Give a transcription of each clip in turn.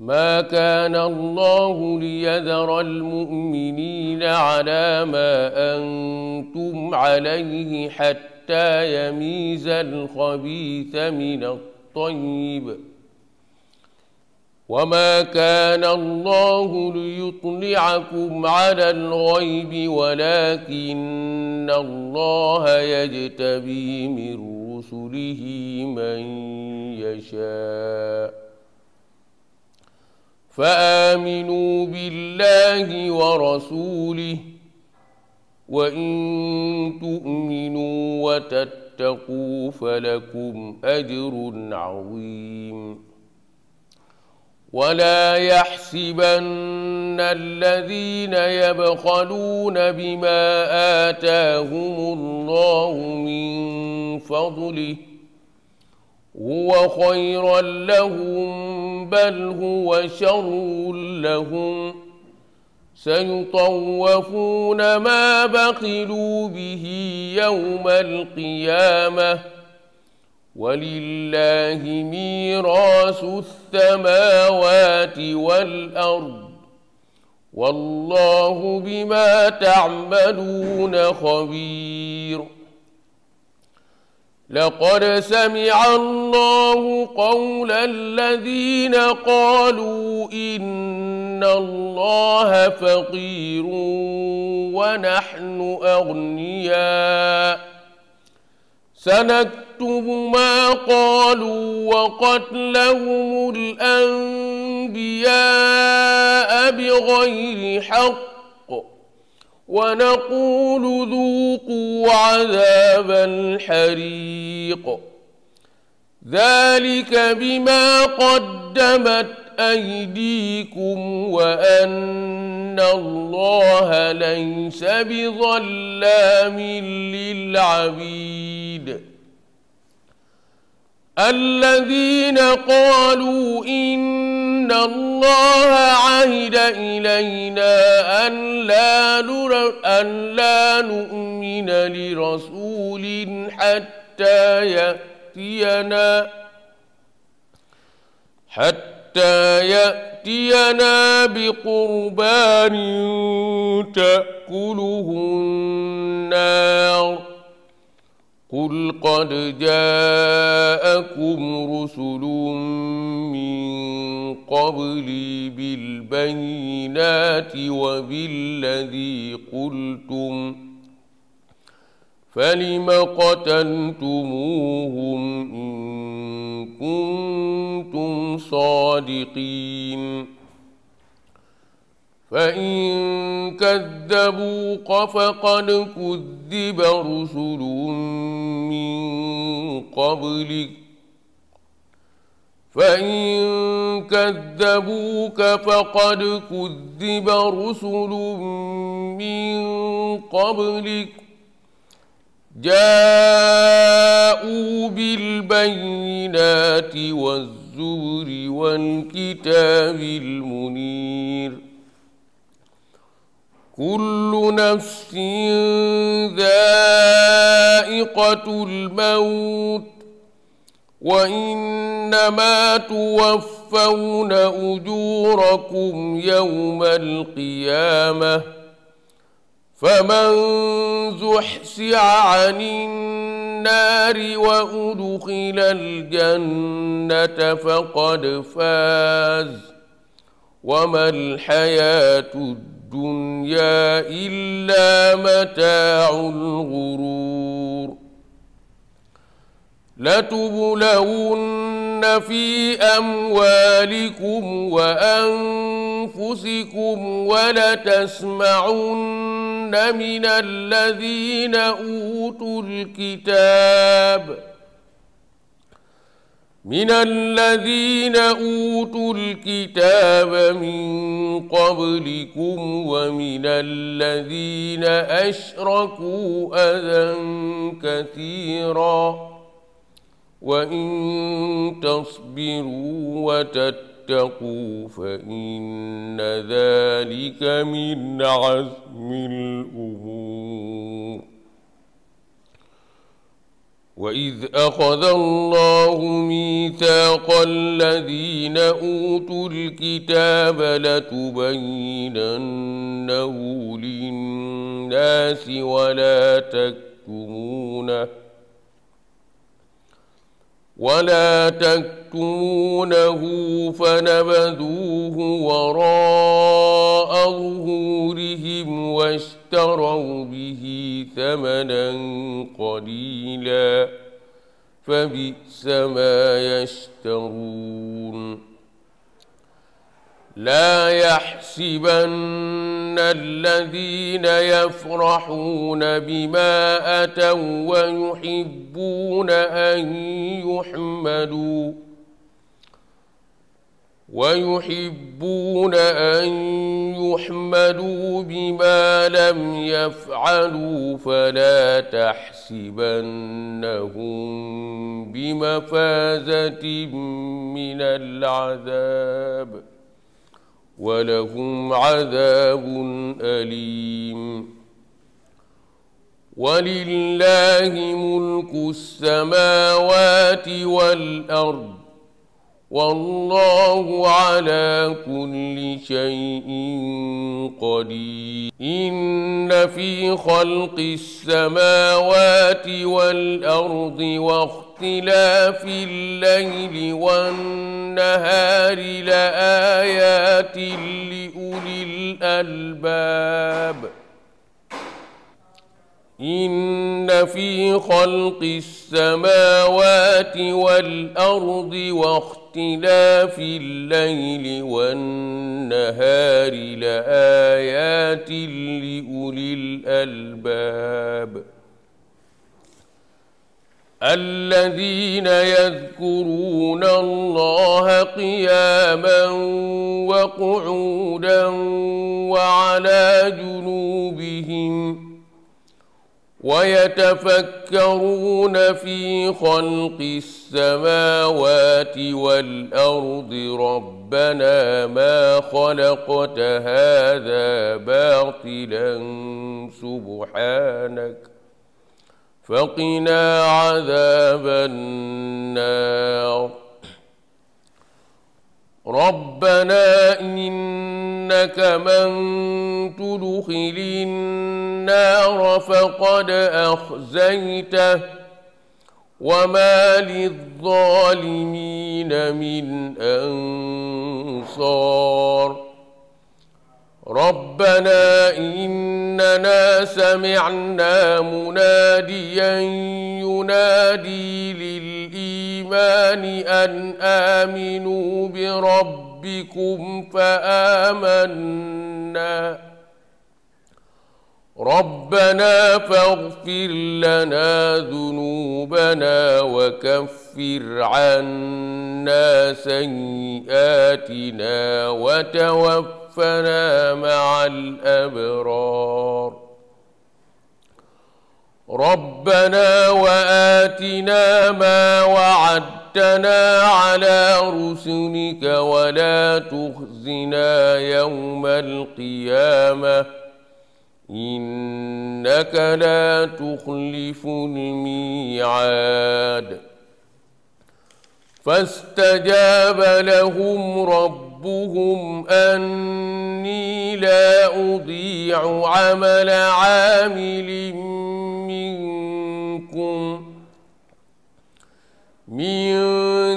ما كان الله ليذر المؤمنين على ما أنتم عليه حتى يميز الخبيث من الطيب وما كان الله ليطلعكم على الغيب ولكن الله يجتبي من رسله من يشاء فامنوا بالله ورسوله وان تؤمنوا وتتقوا فلكم اجر عظيم ولا يحسبن الذين يبخلون بما اتاهم الله من فضله هو خيرا لهم بل هو شر لهم سيطوفون ما بخلوا به يوم القيامه ولله ميراث السماوات والارض والله بما تعملون خبير لقد سمع الله قول الذين قالوا إن الله فقير ونحن أغنياء سنكتب ما قالوا وقتلهم الأنبياء بغير حق ونقول ذوقوا عذاب الحريق ذلك بما قدمت أيديكم وأن الله ليس بظلام للعبيد الذين قالوا إن الله عهد إلينا أن لا, أن لا نؤمن لرسول حتى يأتينا حتى يأتينا بقربان تأكله النار قل قد جاءكم رسل من قبلي بالبينات وبالذي قلتم فلم قتلتموهم ان كنتم صادقين فإن كذبوك فقد كذب رسل من قبلك فإن كذبوك فقد كذب رسل من قبلك جاءوا بالبينات والزبر والكتاب المنير كل نفس ذائقة الموت وإنما توفون أجوركم يوم القيامة فمن زحزع عن النار وأدخل الجنة فقد فاز وما الحياة الدنيا الدنيا إلا متاع الغرور لتبلون في أموالكم وأنفسكم ولتسمعن من الذين أوتوا الكتاب ۖ من الذين أوتوا الكتاب من قبلكم ومن الذين أشركوا أذى كثيرا وإن تصبروا وتتقوا فإن ذلك من عزم الأمور وإذ أخذ الله ميثاق الذين أوتوا الكتاب لتبيننه للناس ولا تكتمونه ولا تكتمونه فنبذوه وراء ظهورهم واشتروا اشتروا به ثمنا قليلا فبئس ما يشترون لا يحسبن الذين يفرحون بما أتوا ويحبون أن يحمدوا ويحبون أن يحمدوا بما لم يفعلوا فلا تحسبنهم بمفازة من العذاب ولهم عذاب أليم ولله ملك السماوات والأرض والله على كل شيء قدير إن في خلق السماوات والأرض واختلاف الليل والنهار لآيات لأولي الألباب إن في خلق السماوات والأرض واختلاف الليل والنهار لآيات لأولي الألباب الذين يذكرون الله قياما وقعودا وعلى جنوبهم ۖ ويتفكرون في خلق السماوات والارض ربنا ما خلقت هذا باطلا سبحانك فقنا عذاب النار ربنا إنك من تدخل النار فقد أخزيته وما للظالمين من أنصار ربنا إننا سمعنا مناديا ينادي للإيمان أن آمنوا بربكم فآمنا ربنا فاغفر لنا ذنوبنا وكفر عنا سيئاتنا وتوفنا ربنا مع الأبرار ربنا وآتنا ما وعدتنا على رسلك ولا تخزنا يوم القيامة إنك لا تخلف الميعاد فاستجاب لهم ربهم ربهم أني لا أضيع عمل عامل منكم من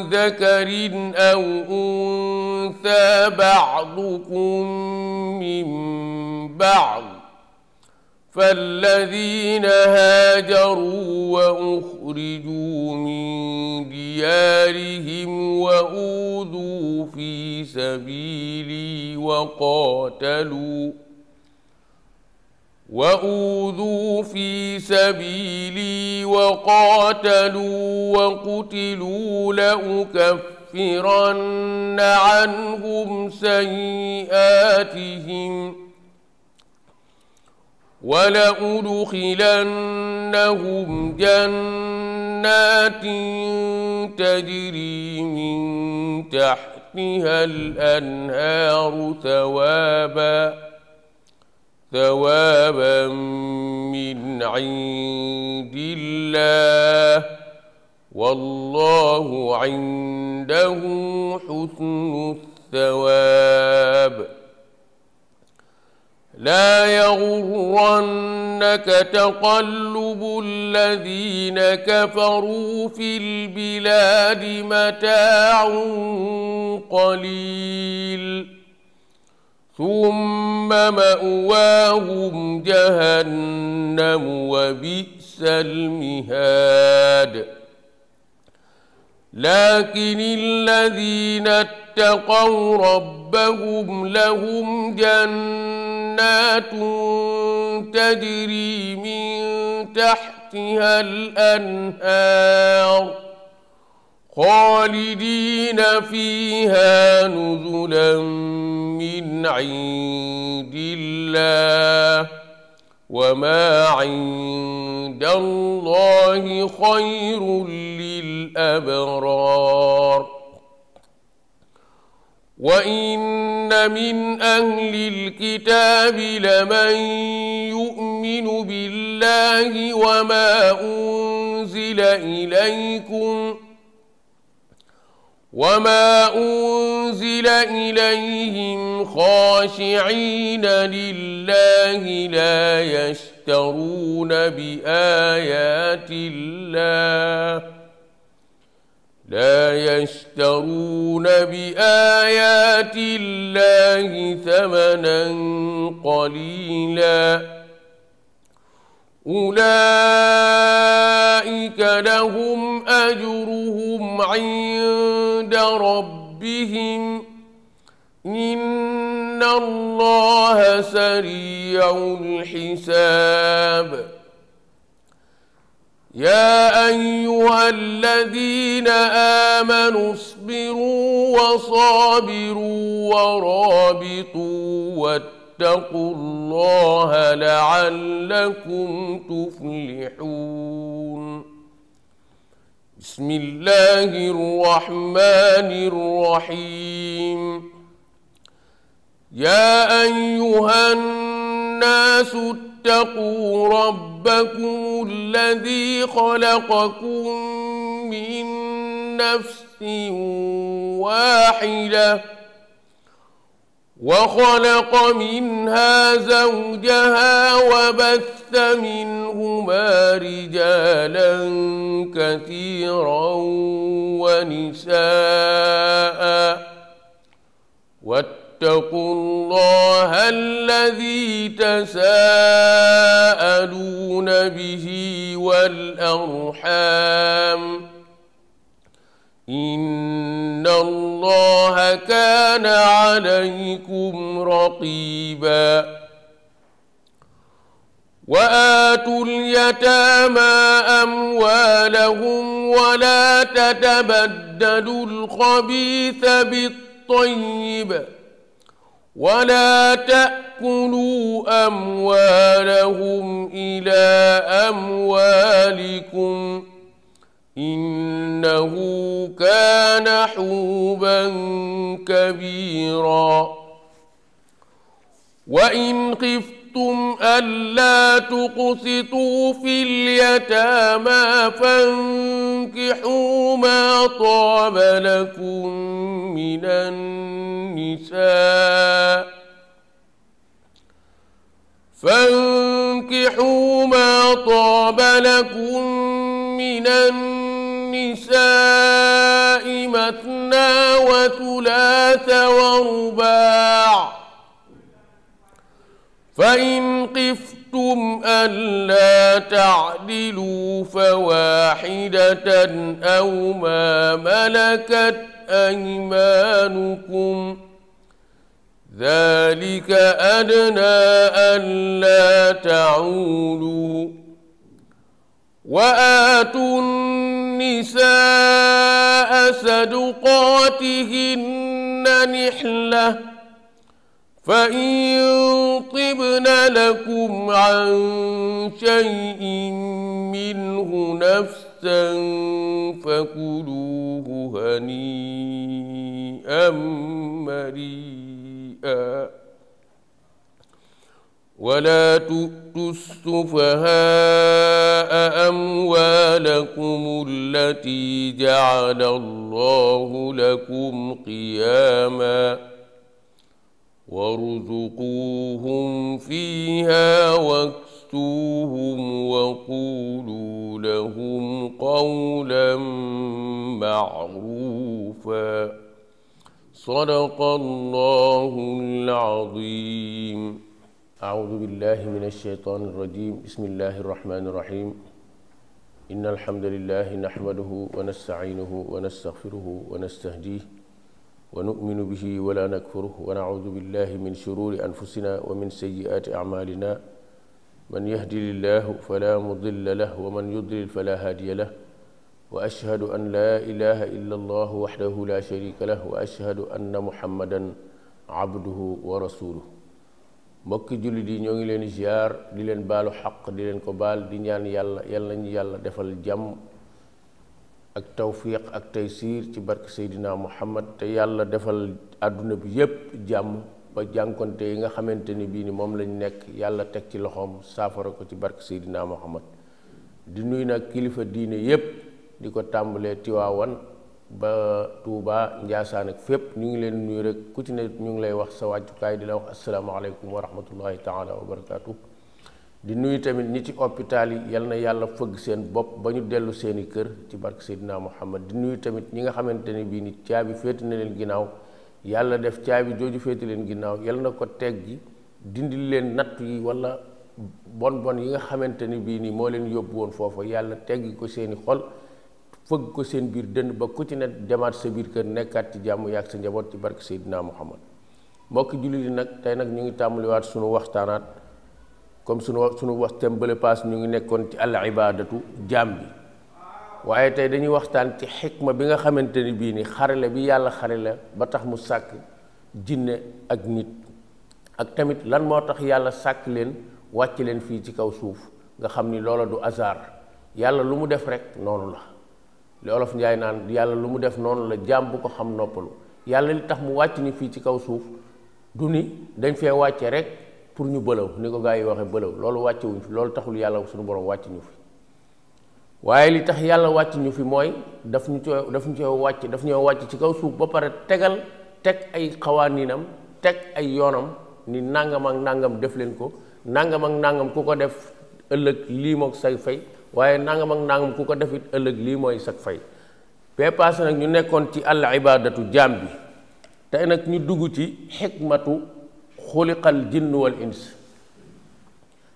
ذكر أو أنثى بعضكم من بعض فالذين هاجروا واخرجوا من ديارهم واوذوا في سبيلي وقاتلوا واوذوا في سبيلي وقاتلوا وقتلوا لاكفرن عنهم سيئاتهم ولأدخلنهم جنات تجري من تحتها الأنهار ثوابا ثوابا من عند الله والله عنده حسن الثواب لا يغرنك تقلب الذين كفروا في البلاد متاع قليل ثم ماواهم جهنم وبئس المهاد لكن الذين اتقوا ربهم لهم جنات تجري من تحتها الانهار خالدين فيها نزلا من عند الله وما عند الله خير للأبرار وإن من أهل الكتاب لمن يؤمن بالله وما أنزل إليكم ۖ وما أنزل إليهم خاشعين لله لا يشترون بآيات الله لا يشترون بآيات الله ثمنا قليلاً أولئك لهم أجرهم عند ربهم إن الله سريع الحساب يا أيها الذين آمنوا اصبروا وصابروا ورابطوا واتقوا الله لعلكم تفلحون بسم الله الرحمن الرحيم يا ايها الناس اتقوا ربكم الذي خلقكم من نفس واحده وخلق منها زوجها وبث منهما رجالا كثيرا ونساء واتقوا الله الذي تساءلون به والأرحام إن الله كان عليكم رقيبا وآتوا اليتامى أموالهم ولا تتبدلوا الخبيث بالطيب ولا تأكلوا أموالهم إلى أموالكم ۖ إنه كان حوبا كبيرا وإن خفتم ألا تقسطوا في اليتامى فانكحوا ما طاب لكم من النساء فانكحوا ما طاب لكم من النساء النساء مثنى وثلاث ورباع فإن خفتم ألا تعدلوا فواحدة أو ما ملكت أيمانكم ذلك أدنى ألا تعولوا واتوا النساء صدقاتهن نحله فان طبن لكم عن شيء منه نفسا فكلوه هنيئا مريئا ولا تؤتوا السفهاء أموالكم التي جعل الله لكم قياما وارزقوهم فيها واكسوهم وقولوا لهم قولا معروفا صدق الله العظيم أعوذ بالله من الشيطان الرجيم بسم الله الرحمن الرحيم إن الحمد لله نحمده ونستعينه ونستغفره ونستهديه ونؤمن به ولا نكفره ونعوذ بالله من شرور أنفسنا ومن سيئات أعمالنا من يهدي الله فلا مضل له ومن يضلل فلا هادي له وأشهد أن لا إله إلا الله وحده لا شريك له وأشهد أن محمدا عبده ورسوله mbokk julli di ñoo ngi leen ziar di leen baalu xaq di leen ko baal di ñaan yàlla yàlla nañu yàlla defal jam ak tawfiq ak taysiir ci barke sayidina Muhammad te yàlla defal àdduna bi yépp jam ba jànkonte yi nga xamante ni bii ni moom lañ nekk yàlla teg ci loxoom saafara ko ci barke sayidina Muhammad di nuyu nag kilifa diine yépp di ko tàmbalee Tiwaawan ba Touba Njaasaan ak fépp ñu ngi leen nuyu rek ku ci ne ñu ngi lay wax sa wàccukaay di la wax asalaamaaleykum wa rahmatullahi taala wa barakaatu di nuyu tamit ñi ci hôpital yi yal na yàlla fëgg seen bopp ba ñu dellu seeni kër ci barke Seydina Muhammad di nuyu tamit ñi nga xamante ne bii ni caabi féeti na leen ginnaaw yàlla def caabi jooju féeti leen ginnaaw yal na ko teg ji dindi leen natt yi wala bon bon yi nga xamante ni bii nii moo leen yóbbu woon foofa yàlla teggi ko seeni xol fëgg ko seen biir dënn ba ku ci ne demaat sa biir kër nekkaat ci jàmm yaag sa njaboot ci barke Seydina Muhammad mbokki jullit yi nag tey nag ñu ngi tàmbaliwaat sunu waxtaanaat comme sunu sunu waxtaan bële ñu ngi nekkoon ci al ibaadatu jaam bi waaye tey dañuy waxtaan ci xikma bi nga xamante ni bii ni xarale bi yàlla xarale ba tax mu sàkk jinne ak nit ak tamit lan moo tax yàlla sàkk leen wàcc leen fii ci kaw suuf nga xam ni loola du hasard yàlla lu mu def rek noonu la li olof njaay naan yàlla lu mu def noonu la jaam bu ko xam noppalu yàlla li tax mu wàcc ni fii ci kaw suuf du ni dañ fee wàcce rek pour ñu bëlaw ni ko gaa yi waxe bëlaw loolu wàcce wuñ fi loolu taxul yàlla suñu borom wàcc ñu fi waaye li tax yàlla wàcc ñu fi mooy daf ñu coo daf ñu coo wàcc daf ñoo wàcc ci kaw suuf ba pare tegal teg ay xawaaniinam teg ay yoonam ni nangam ak nangam def leen ko nangam ak nangam ku ko def ëllëg lii moo say fay waaye nangam nangam ku ko def it ëllëg lii mooy sag fay bee nag ñu nekkoon ci al ibaadatu jaam bi tey nag ñu dugg ci xikmatu xuliqal jinn wal ins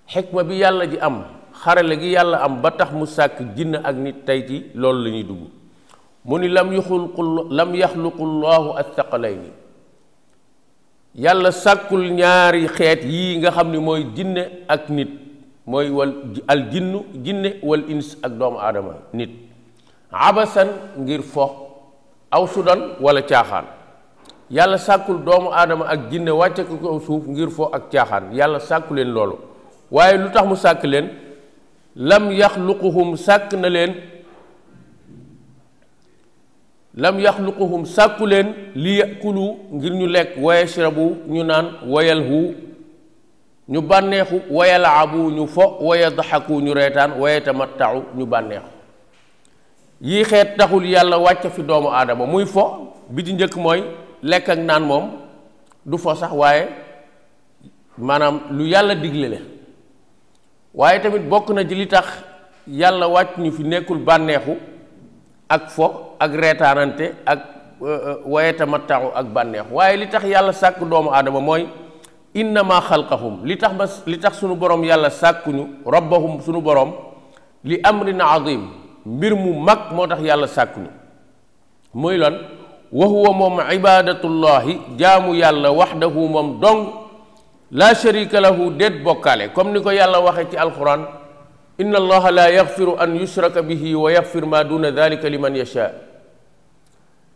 xikma bi yàlla ji am xarale gi yàlla am ba tax mu sàkk jinn ak nit tey ci loolu lañuy dugg mu ni lam yaxluqu lam yaxluqu llaahu athaqalayni yàlla sàkkul ñaari xeet yii nga xam ni mooy jinne ak nit mooy wal al jinnu jinne wal ins ak doomu aadama nit abasan ngir fo aw sudan walla caaxaan yàlla sàkkul doomu aadama ak jinne wàcce ko kaw suuf ngir fo ak caaxaan yàlla sàkku leen loolu waaye lu tax mu sàkk leen lam yaxluquhum sàkk na leen lam yaxluquhum sàkku sàkkuleen li yakulu ngir ñu lekk wa yashrabu ñu naan wayalhu ñu bànneexu wa yalaabu ñu fo wa yadxaku ñu reetaan wa yatamattaxu ñu bànneexu yii xeet taxul yàlla wàcc fi doomu aadama muy fo bi ci njëkk mooy lekk ak naan moom du fo sax waaye maanaam lu yàlla digle la waaye tamit bokk na ci li tax yàlla wàcc ñu fi nekkul bànneexu ak fo ak reetaanante ak euh, euh, wayetamattaxu ak bànneexu waaye li tax yàlla sàkk doomu aadama mooy انما خلقهم لتخ لتخ سونو بروم يالا ساكنو ربهم سونو بروم لامر عظيم ميرمو مك موتاخ يالا ساكنو موي وهو مم عباده الله جامو يالا وحده موم دون لا شريك له ديت بوكالي كم نيكو يالا واخي القران ان الله لا يغفر ان يشرك به ويغفر ما دون ذلك لمن يشاء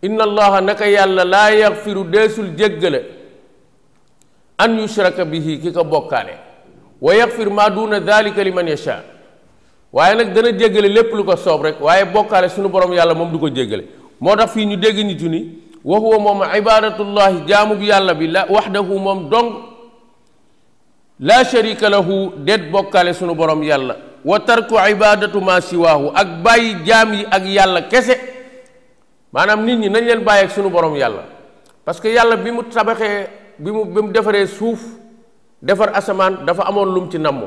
ان الله نك يالا لا يغفر داس جيغله an yushraka bihi ki ka bokkaale wa yaghfir ma duna dhalika liman yasha waye nak dana jéggale lepp lu ko sob rek waye bokale sunu borom yalla mom du ko jéggale motax fi ñu dégg ni ni wa huwa mom ibadatullah jamu bi yalla bi la wahdahu mom dong la sharika lahu det bokale sunu borom yalla wa tarku ibadatu ma siwahu ak bàyyi jami ak yalla kese manam nit ñi nañ leen bàyyi ak sunu borom yalla parce que yalla bi mu tabaxé bi mu bi mu defaree suuf defar asamaan dafa amoon lum ci namm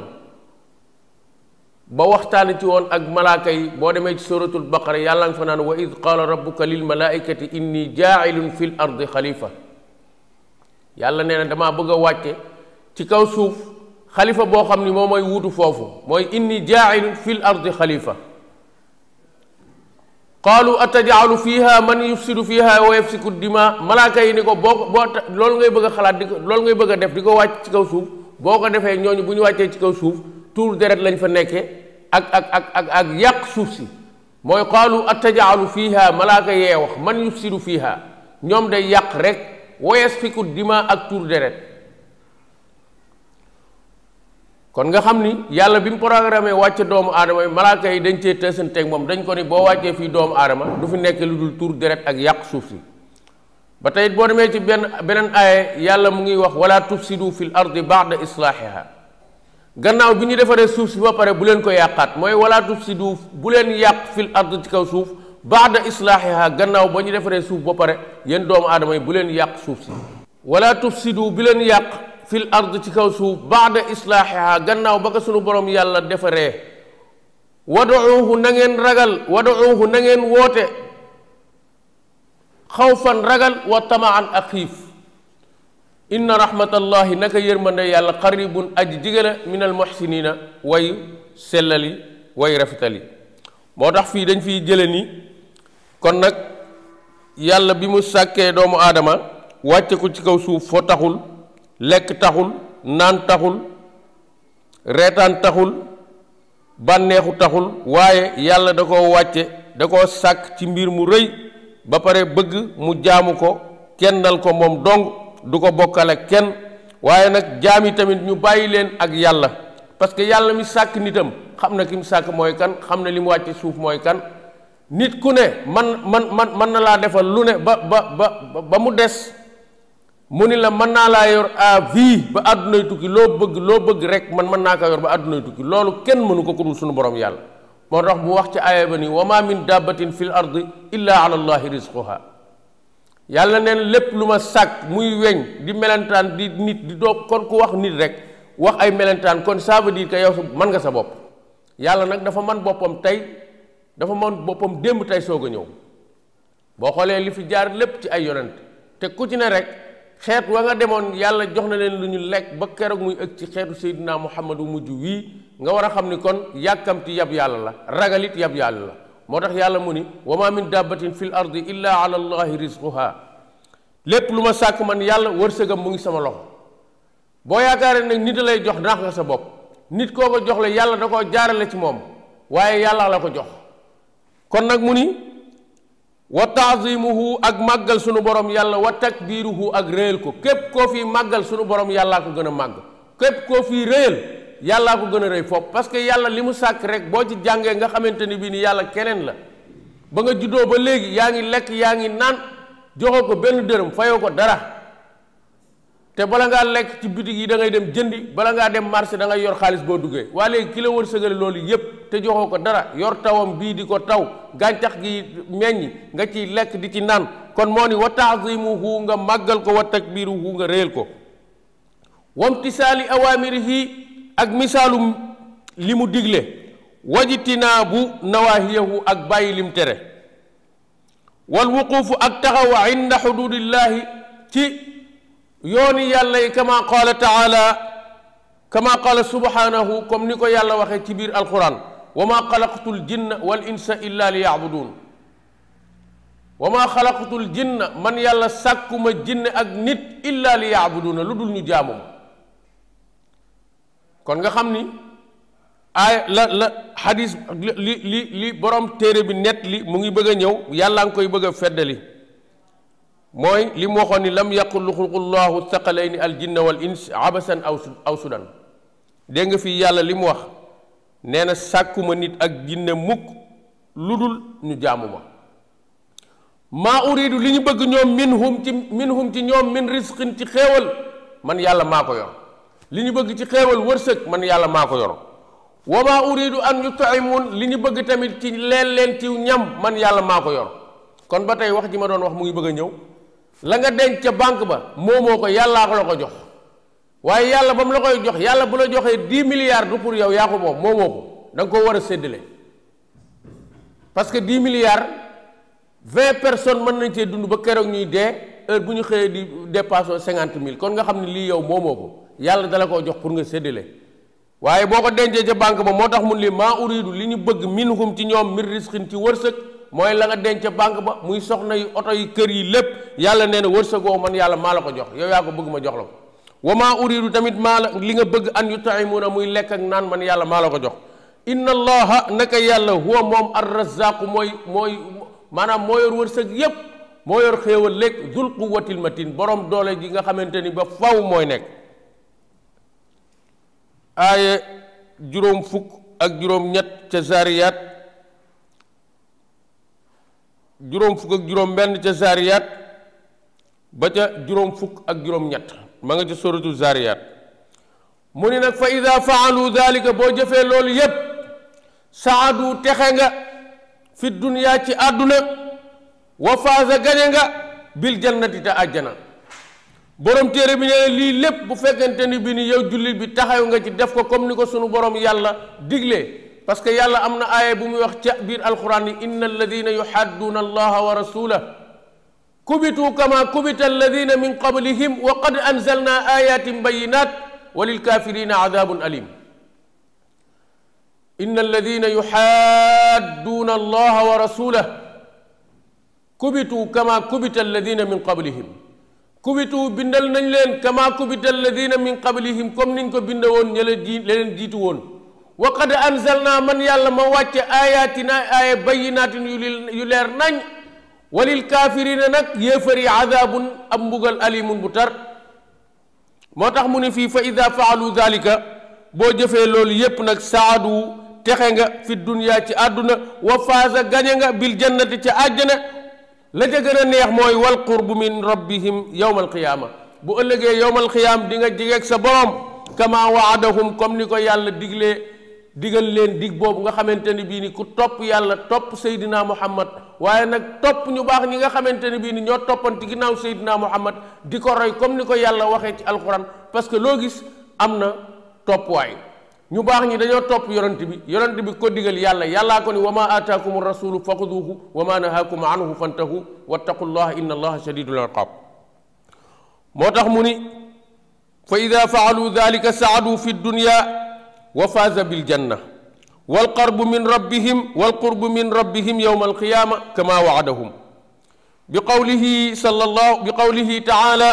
ba waxtaani ci woon ak malaaka yi boo demee ci suratul baqara yàlla nga fa naan wa id qaala rabbuka lil malaaikati inni jaailun fil ardi xalifa yàlla nee na damaa bëgg a wàcce ci kaw suuf xalifa boo xam ni moo mooy wutu foofu mooy inni jaailun fil ardi xalifa qaalu atajaalu fiha man yufsidu fiha wa yafsiku dima malaaka yi ni ko boo boo loolu ngay bëgg xalaat di ko loolu ngay bëgg a def di ko wàcc ci kaw suuf boo ko defee ñooñu bu ñu wàccee ci kaw suuf tuur deret lañ fa nekke ak ak ak ak ak yàq suuf si mooy qaalu atajaalu fiha malaaka yee wax man yufsidu fiha ñoom day yàq rek wa yasfiku dima ak tuur deret kon nga xam ni yàlla bi mu programmé wàcc doomu aadama yi malaaka yi dañ cee tësanteeg moom dañ ko ni boo wàccee fii doomu aadama du fi nekk lu dul tuur deret ak yàq suuf si ba tey boo demee ci benn beneen aaye yàlla mu ngi wax wala tufsidu fil ardi ba'da islaahiha gannaaw bi ñu defaree suuf si ba pare bu leen ko yàqaat mooy wala tufsidu bu leen yàq fil ard ci kaw suuf baax baada islaahiha gannaaw ba ñu defaree suuf ba pare yéen doomu aadama yi bu leen yàq suuf si في الأرض تكوسو بعد إصلاحها جنة وبقسنو برم يالا دفره ودعوه نغن رغل ودعوه نغن ووت خوفا رغل وطمعا أخيف إن رحمة الله نك يرمنا يالا قريب أجدغل من المحسنين وي سللي وي رفتلي موتاخ في دنج في جلني كون نك يالا بيمو ساكي دومو ادمه واتي كو سي كاو سوف فتاخول lekk taxul naan taxul reetaan taxul bànneexu taxul waaye yàlla da koo wàcce da koo sàkk ci mbir mu rëy ba pare bëgg mu jaamu ko kenn dal ko moom dong du ko bokkale kenn waaye nag jaam yi tamit ñu bàyyi leen ak yàlla parce que yàlla mi sàkk nitam xam na ki mu sàkk mooy kan xam na li mu wàcce suuf mooy kan nit ku ne man man man mën na laa defal lu ne ba ba ba ba mu des muni la man naa laa yor à vie ba àddunay tukki loo bëgg loo bëgg rek man man naa ko yor ba àddunay tukki loolu kenn mënu ko kudul sunu borom yàlla moo tax mu wax ci aya ba ni wama min dabatin fil ardi illa ala allahi rizquha yàlla neen lépp lu ma sàkk muy weñ di melentaan di nit di doo kon ku wax nit rek wax ay melentaan kon ça veut dire que yow man nga sa bopp yàlla nag dafa man boppam tey dafa man boppam démb tey soog a ñëw boo li fi jaar lépp ci ay yonent te ku ci ne rek xeet wa nga demoon yàlla jox na leen lu ñu lekk ba keroog muy ëgg ci xeetu seydina muhammadu mujj wii nga war a xam ni kon yab yàlla la ragalit yab yàlla la moo tax yàlla mu min dabbatin fil ardi illa ala allahi rizquha lépp lu ma sàkk man yàlla wërsëgam mu ngi sama loxo boo yaakaaree nag nit lay jox naax nga sa bopp nit koo ko jox la yàlla da koo jaarale ci moom waaye yàlla la ko jox kon nag mu wa taazimuhu ak màggal sunu borom yàlla wa takbiruhu ak réyal ko képp koo fi màggal sunu borom yàllaa ko gën a màgg képp koo fi réyal yàllaa ko gën a rëy foofu parce que yàlla li mu sàkk rek boo ci jàngee nga xamante ni bii ni yàlla keneen la ba nga juddoo ba léegi yaa ngi lekk yaa ngi naan joxoo ko benn dërëm fayoo ko dara te bala ngaa lekk ci bitig yi dangay dem jënd bala ngaa dem marché da yor xaalis boo duggee waa léegi war sëgale loolu yépp te joxoo ko dara yor tawam bii di ko taw gàncax gi meññ nga ciy lekk di ci naan kon moo ni wa taazimuhu nga màggal ko wa takbiruhu nga réyal ko wamtisaali awaamirihi ak misaalum li mu digle wajtinaabu nawaahiyahu ak bàyyi lim tere wal wuquufu ak taxaw inda xududillahi ci يوني يالله كما قال تعالى كما قال سبحانه كم نيكو يالله وخي تبير القرآن وما خلقت الجن والإنس إلا ليعبدون وما خلقت الجن من يالا ساكوما جن اك نيت الا ليعبدون لودول ني جامو كون nga xamni ay la la hadith li li li borom tere bi net li mu ngi beug ñew yalla ngoy beug feddali mooy li mu waxoon ni lam yaxluqu llahu thaqalayni al jinna wal ins abasan aw aw sudan dégg nga fii yàlla li mu wax nee na sàkkuma nit ak jinne mukk lu dul ñu jaamu ma maa uridu li ñu bëgg ñoom ci ñoom min ci xéewal man yàlla maa ko yor li ñu bëgg ci xéewal wërsëg man yàlla maa ko yor wa maa uridu an yut'imun li ñu bëgg tamit ci leen leen ci ñam man yàlla maa ko yor kon ba tey wax ji ma doon wax mu ngi bëgg a ñëw la nga denc ca banque ba moomoo ko yàllaa ko la ko jox waaye yàlla ba mu la koy jox yàlla bu la joxee dix milliards du pour yow yaa ko moom moomoo ko danga koo war a séddale parce que dix milliards vingt personnes mën nañ cee dund ba keroog ñuy dee heure bu ñu xëyee di dépassé cinquante mille kon nga xam ne lii yow moomoo ko yàlla dala koo jox pour nga séddale waaye boo ko dencee ca banque ba moo tax mun li maa uridu li ñu bëgg minhum ci ñoom mir risqin ci wërsëg mooy la nga denc banque ba muy soxna yu oto yi kër yi lépp yàlla nee na wërsëgoo man yàlla maa la ko jox yow yaa ko bëgg ma jox la ko wa maa uridu tamit maa la li nga bëgg an yutaimuuna muy lekk ak naan man yàlla maa la ko jox inna allaha naka yàlla huwa moom ar razaqu mooy mooy maanaam moo yor wërsëg yépp moo yor xéewal lekk dul quwwatil matin borom doole ji nga xamante ni ba faw mooy nekk aaye juróom fukk ak juróom ñett ca zaariyaat juróom fukk ak juróom benn ca zaariyaat ba ca juróom fukk ak juróom ñett ma nga ca sóoratu zaariyaat mu ni nag fa ida faalu dalika boo jëfee loolu yépp saadu texe nga fi duniyaa ci àdduna wa faasa gañe nga bil jannati te àjjana borom téere bi nee lii lépp bu fekkente ni bi ni yow jullit bi taxaw nga ci def ko comme ni ko sunu borom yàlla diglee parce que yàlla am na aaya bu muy wax ca biir alquran ni inna alladina yuxadduuna allaha wa rasulah kubitu kama kubita alladina min qablihim wa qad anzalna ayatin bayinat wa lilkafirina adabun alim inna alladina yuxadduuna allaha wa rasulah kubitu kama kubita alladina min qablihim kubitu bindal nañ leen kama kubita alladina min qablihim comme niñ ko binda woon ña leen jiitu woon وقد أنزلنا من يلا مواتي آياتنا آية بينات يلير نان وللكافرين نك يفري عذاب أمبغل أليم بطر موتاخ في فإذا فعلوا ذلك بو جفه لول ييب نك سعدو في الدنيا تي ادنا وفاز بالجنة تي اجنا لا والقرب من ربهم يوم القيامة بو يوم القيامة ديغا جيغك بوم كما وعدهم كوم نيكو يالا ديغلي digal leen dig boobu nga xamante ni bii ni ku topp yàlla topp sayidina Muhammad waaye nag topp ñu baax ñi nga xamante ne bii ni ñoo toppanti ginnaaw sayidina Muhammad di ko roy comme ni ko yàlla waxee ci alxuraan parce que loo gis am na toppuwaay ñu baax ñi dañoo topp yonent bi yonent bi ko digal yàlla yàllaa ko ni wa ma aataakum rasulu faxuduuhu wa ma nahaakum anhu fantahu wattaqullaha inna allaha shadidul iqaab moo tax mu ni fa ida faalu dalika saadu fi dunya وفاز بالجنة والقرب من ربهم والقرب من ربهم يوم القيامة كما وعدهم بقوله صلى الله بقوله تعالى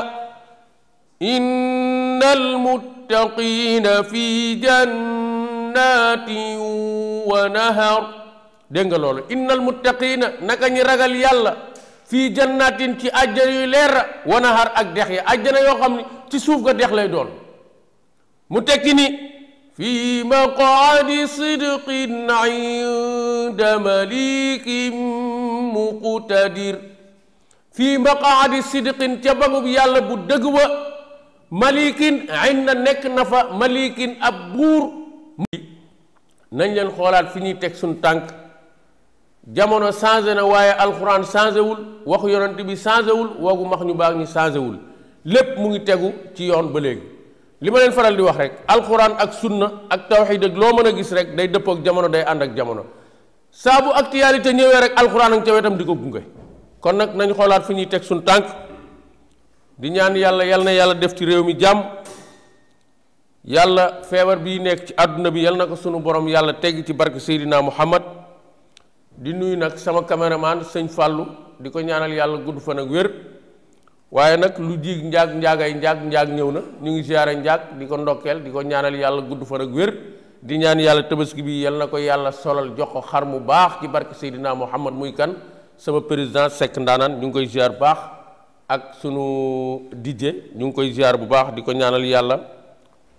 إن المتقين في جنات ونهر دنجلول إن المتقين نكني رجل يلا في جنات كي أجر يلير ونهر أجدخي أجدنا يوم تسوف قد يخلي دول متقيني في مقعد صدق عند مليك مقتدر في مقعد صدق تبغو بيالا بودغوا مليك عند نك نفا مليك ابور نان لن خولات فيني تك سون تانك جامونو سانزنا واي القران سانزول واخو يونتبي سانزول واغو مخنو باغ ني سانزول لب موغي تيغو تي يون بليغي lima len faral di wax rek alquran ak sunna ak tawhid ak lo meuna gis rek day depp ak jamono day and ak jamono sa bu actualité ñewé rek alquran ak ca wetam di ko kon nak nañ xolaat fiñuy tek sun tank di ñaan yalla yalla na yalla def ci réew mi jam yalla feebar bi nekk ci aduna bi yalla nako sunu borom yalla tegg ci barke Muhammad di nuyu nak sama falu seigne fallu diko ñaanal yalla gudd fa nak wër waye nak lu di njaag njaagay njaag njaag ñewna ñu ngi ziaré njaag diko ndokkel diko ñaanal yalla gudd fa rek wër di ñaan bi yalla nako yalla solal jox ko xar mu baax ci barke sayidina Muhammad muy kan sama président sek ndanan ñu koy ziar baax ak sunu DJ ñu koy ziar bu baax diko ñaanal yalla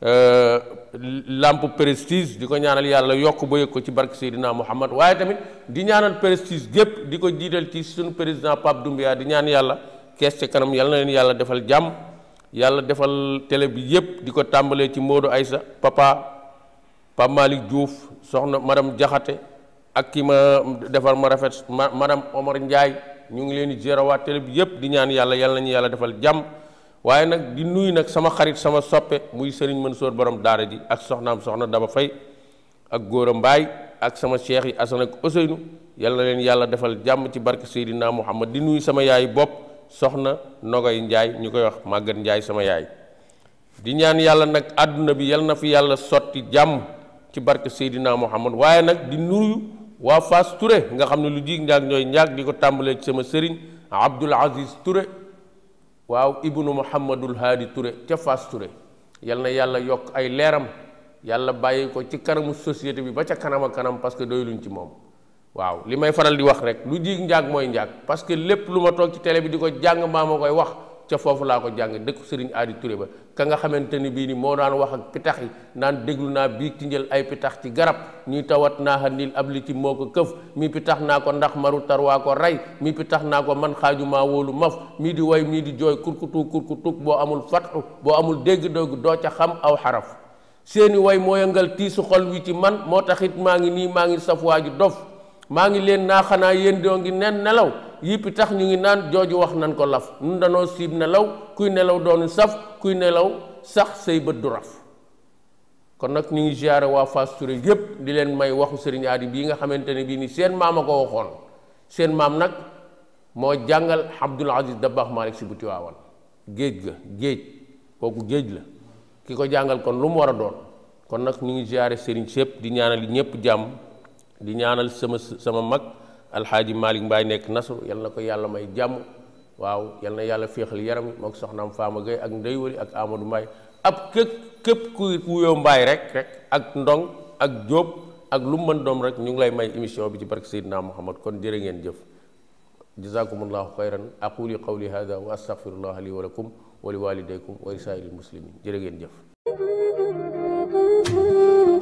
euh lampe prestige diko ñaanal yalla yok bo ci barke sayidina Muhammad waye tamit di ñaanal prestige gep diko ko ci sunu président pap Doumbia di ñaan yalla kees ca kanam yalla len yalla defal jam yalla defal tele bi yep di tambale ci Modou Aïssa papa pa malik Diouf soxna madam jaxate ak ki ma defal ma rafet madam Omar Ndiaye ñu ngi leen di gérawaat télé bi yep di ñaan yalla yalla ñu yalla defal jam waye nak di nuy nak sama xarit sama soppe muy serigne Mansour borom daara ji ak soxnam soxna Daba Fay ak gooram bay ak sama cheikh yi Asan ak Ousseynou yalla na leen defal jam ci barke sayidina Muhammad di nuy sama yaay bop soxna Nogoy Njaay ñu koy wax Màggat Njaay sama yaay di ñaan yàlla nag àdduna bi yal na fi yàlla sotti jàmm ci barke Seydina Muhammad waaye nag di nuyu waa Fass ture nga xam ne lu ji njaag ñooy njaag di ko tàmbalee ci sama sëriñ Abdul Aziz Touré waaw ibnu Muhammadul Haadi Touré ca Fass Touré yal na yàlla yokk ay leeram yàlla bàyyi ko ci kanamu société bi ba ca kanam kanam parce que doyluñ ci moom Wow, lima may faral di wax rek lu ji njàng mooy njàng parce que lépp lu ma toog ci télé bi di ko jàng maa ma koy wax ca foofu laa ko jàng dëkk sëriñ Aadi Touré ba ka nga xamante ni bii ni moo daan wax ak pitax yi naan déglu naa bii ci njël ay pitax ci garab tawat abli ci ko këf mi pitax naa ko ndax maru tarwaa ko rey mi pitax naa ko man xaaju maa wóolu maf mi di way mi di jooy kurkutu kurkutu boo amul fatxu boo amul dégg-dégg doo ca xam aw xaraf seeni way moo yang tiisu xol wi ci man moo taxit maa ngi nii maa ngi saf dof maa ngi leen naa xanaa yéen doo ngi nen nelaw yippi tax ñu ngi naan jooju wax nan ko laf nun danoo siib nelaw kuy nelaw doonu saf kuy nelaw sax say bët du raf kon nag ñu ngi ziyaare waa Fass Touré yépp di leen may waxu sëriñ aadi bii nga xamante ne bii ni seen maam ko waxoon seen maam nag moo jàngal Abdul Aziz Dabakh Malik si buti Tiwaawan géej ga géej kooku géej la ki ko jàngal kon lu mu war a doon kon nag ñu ngi sëriñ sépp di ñaanal jàmm di ñaanal sama sama mag alxaaji malik Mbaye nekk Nasru yal na ko yàlla may jàmm waaw yal na yàlla féexal yaram yi mook soxnaam Faama Gueye ak Ndeye ak Amadou Mbaye ab këpp képp ku mbaay rek ak Ndong ak Jóob ak lu mu mën doom rek ñu ngi lay may émission bi ci barke Seydina Muhammad kon jërë ngeen jëf jazakumullahu xayran aquli qawli hada wa astaghfirullah li wa lakum wa li walidaykum wa lisaa'iril muslimin jërë ngeen jëf